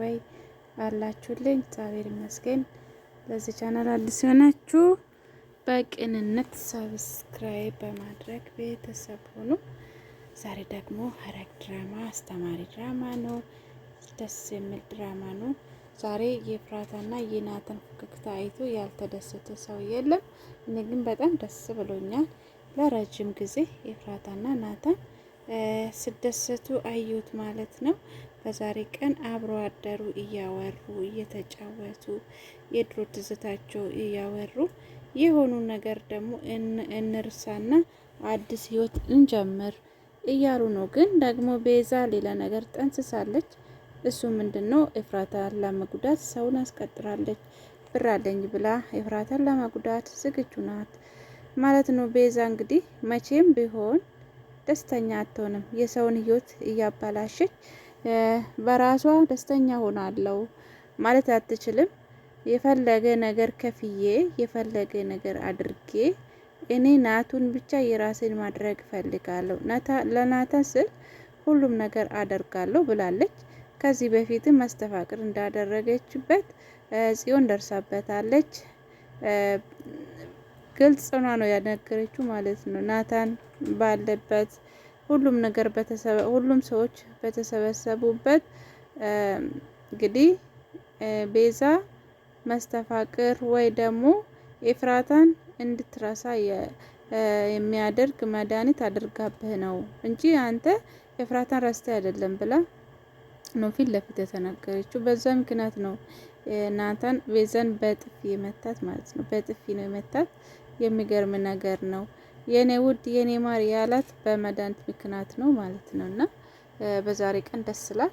ወይ አላችሁልኝ? እግዚአብሔር ይመስገን። ለዚህ ቻናል አዲስ የሆናችሁ በቅንነት ሰብስክራይብ በማድረግ ቤተሰብ ሁኑ። ዛሬ ደግሞ ሐረግ ድራማ አስተማሪ ድራማ ነው። ደስ የሚል ድራማ ነው። ዛሬ የፍራታና የናትን ፉክክታ አይቶ ያልተደሰተ ሰው የለም። እኔ ግን በጣም ደስ ብሎኛል። ለረጅም ጊዜ የፍራታና ናተን ስደሰቱ አዩት ማለት ነው። በዛሬ ቀን አብሮ አደሩ እያወሩ እየተጫወቱ የድሮ ትዝታቸው እያወሩ የሆኑ ነገር ደግሞ እንርሳና አዲስ ህይወት እንጀምር እያሉ ነው። ግን ደግሞ ቤዛ ሌላ ነገር ጠንስሳለች። እሱ ምንድን ነው? ኤፍራታን ለመጉዳት ሰውን አስቀጥራለች። ብር አለኝ ብላ ኤፍራታን ለመጉዳት ዝግጁ ናት ማለት ነው። ቤዛ እንግዲህ መቼም ቢሆን ደስተኛ አትሆንም። የሰውን ህይወት እያበላሸች በራሷ ደስተኛ ሆናለሁ ማለት አትችልም። የፈለገ ነገር ከፍዬ የፈለገ ነገር አድርጌ እኔ ናቱን ብቻ የራሴን ማድረግ እፈልጋለሁ፣ ለናተን ስል ሁሉም ነገር አደርጋለሁ ብላለች። ከዚህ በፊትም መስተፋቅር እንዳደረገችበት ጽዮን ደርሳበታለች። ግልጽ ሆና ነው ያነገረችው ማለት ነው። ናታን ባለበት ሁሉም ነገር ሁሉም ሰዎች በተሰበሰቡበት እንግዲህ ቤዛ መስተፋቅር ወይ ደግሞ ኤፍራታን እንድትረሳ የሚያደርግ መድኃኒት አድርጋብህ ነው እንጂ አንተ ኤፍራታን ረስተ አይደለም ብላ ነው ፊት ለፊት የተናገረችው። በዛ ምክንያት ነው ናታን ቤዛን በጥፊ የመታት ማለት ነው። በጥፊ ነው የመታት። የሚገርም ነገር ነው። የኔ ውድ የኔ ማር ያላት በመድኃኒት ምክንያት ነው ማለት ነው። እና በዛሬ ቀን ደስ ይላል።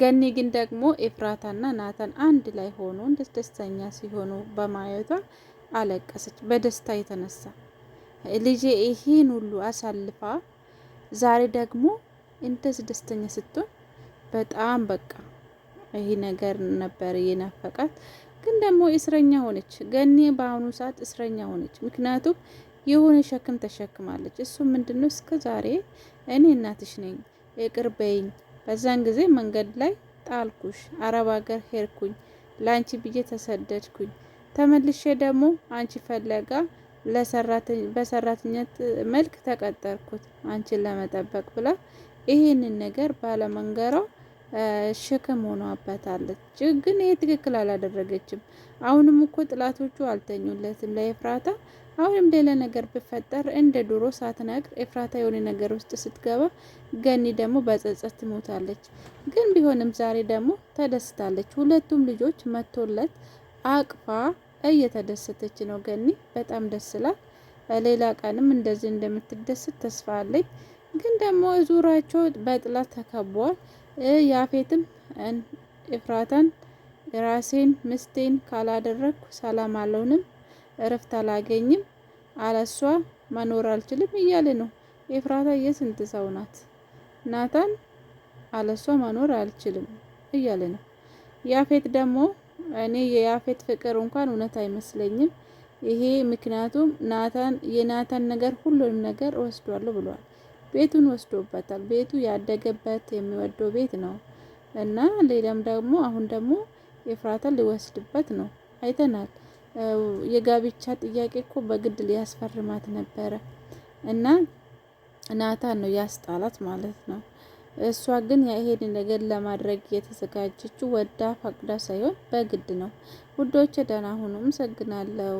ገኒ ግን ደግሞ ኤፍራታና ናታን አንድ ላይ ሆኖ እንደስ ደስተኛ ሲሆኑ በማየቷ አለቀሰች። በደስታ የተነሳ ልጄ ይሄን ሁሉ አሳልፋ ዛሬ ደግሞ እንደዚህ ደስተኛ ስትሆን በጣም በቃ ይህ ነገር ነበር የናፈቃት። ግን ደግሞ እስረኛ ሆነች። ገኔ በአሁኑ ሰዓት እስረኛ ሆነች። ምክንያቱም የሆነ ሸክም ተሸክማለች። እሱ ምንድን ነው? እስከ ዛሬ እኔ እናትሽ ነኝ ይቅር በይኝ፣ በዛን ጊዜ መንገድ ላይ ጣልኩሽ፣ አረብ ሀገር ሄድኩኝ፣ ለአንቺ ብዬ ተሰደድኩኝ፣ ተመልሼ ደግሞ አንቺ ፈለጋ በሰራተኛት መልክ ተቀጠርኩት አንቺን ለመጠበቅ ብላ ይህንን ነገር ባለመንገረው ሸክም ሆኗበታለች። ግን ይህ ትክክል አላደረገችም። አሁንም እኮ ጥላቶቹ አልተኙለትም ለኤፍራታ። አሁንም ሌላ ነገር ብፈጠር እንደ ድሮ ሳትነግር ኤፍራታ የሆነ ነገር ውስጥ ስትገባ ገኒ ደግሞ በጸጸት ትሞታለች። ግን ቢሆንም ዛሬ ደግሞ ተደስታለች። ሁለቱም ልጆች መቶለት አቅፋ እየተደሰተች ነው። ገኒ በጣም ደስ ይላል። ሌላ ቀንም እንደዚህ እንደምትደሰት ተስፋ አለኝ። ግን ደግሞ ዙራቸው በጥላት ተከቧል። ያፌትም እፍራታን ራሴን ምስቴን ካላደረግኩ ሰላም አለውንም እረፍት አላገኝም፣ አለሷ መኖር አልችልም እያለ ነው። ኤፍራታ የስንት ሰው ናት? ናታን አለሷ መኖር አልችልም እያለ ነው። ያፌት ደግሞ እኔ የያፌት ፍቅር እንኳን እውነት አይመስለኝም ይሄ ምክንያቱም ናታን የናታን ነገር ሁሉንም ነገር ወስዷል ብሏል። ቤቱን ወስዶበታል። ቤቱ ያደገበት የሚወደው ቤት ነው እና ሌላም ደግሞ አሁን ደግሞ ኤፍራታ ሊወስድበት ነው አይተናል። የጋብቻ ጥያቄ እኮ በግድ ሊያስፈርማት ነበረ እና ናታን ነው ያስጣላት ማለት ነው። እሷ ግን ይሄን ነገር ለማድረግ የተዘጋጀችው ወዳ ፈቅዳ ሳይሆን በግድ ነው። ውዶች ደህና ሁኑ። አመሰግናለሁ።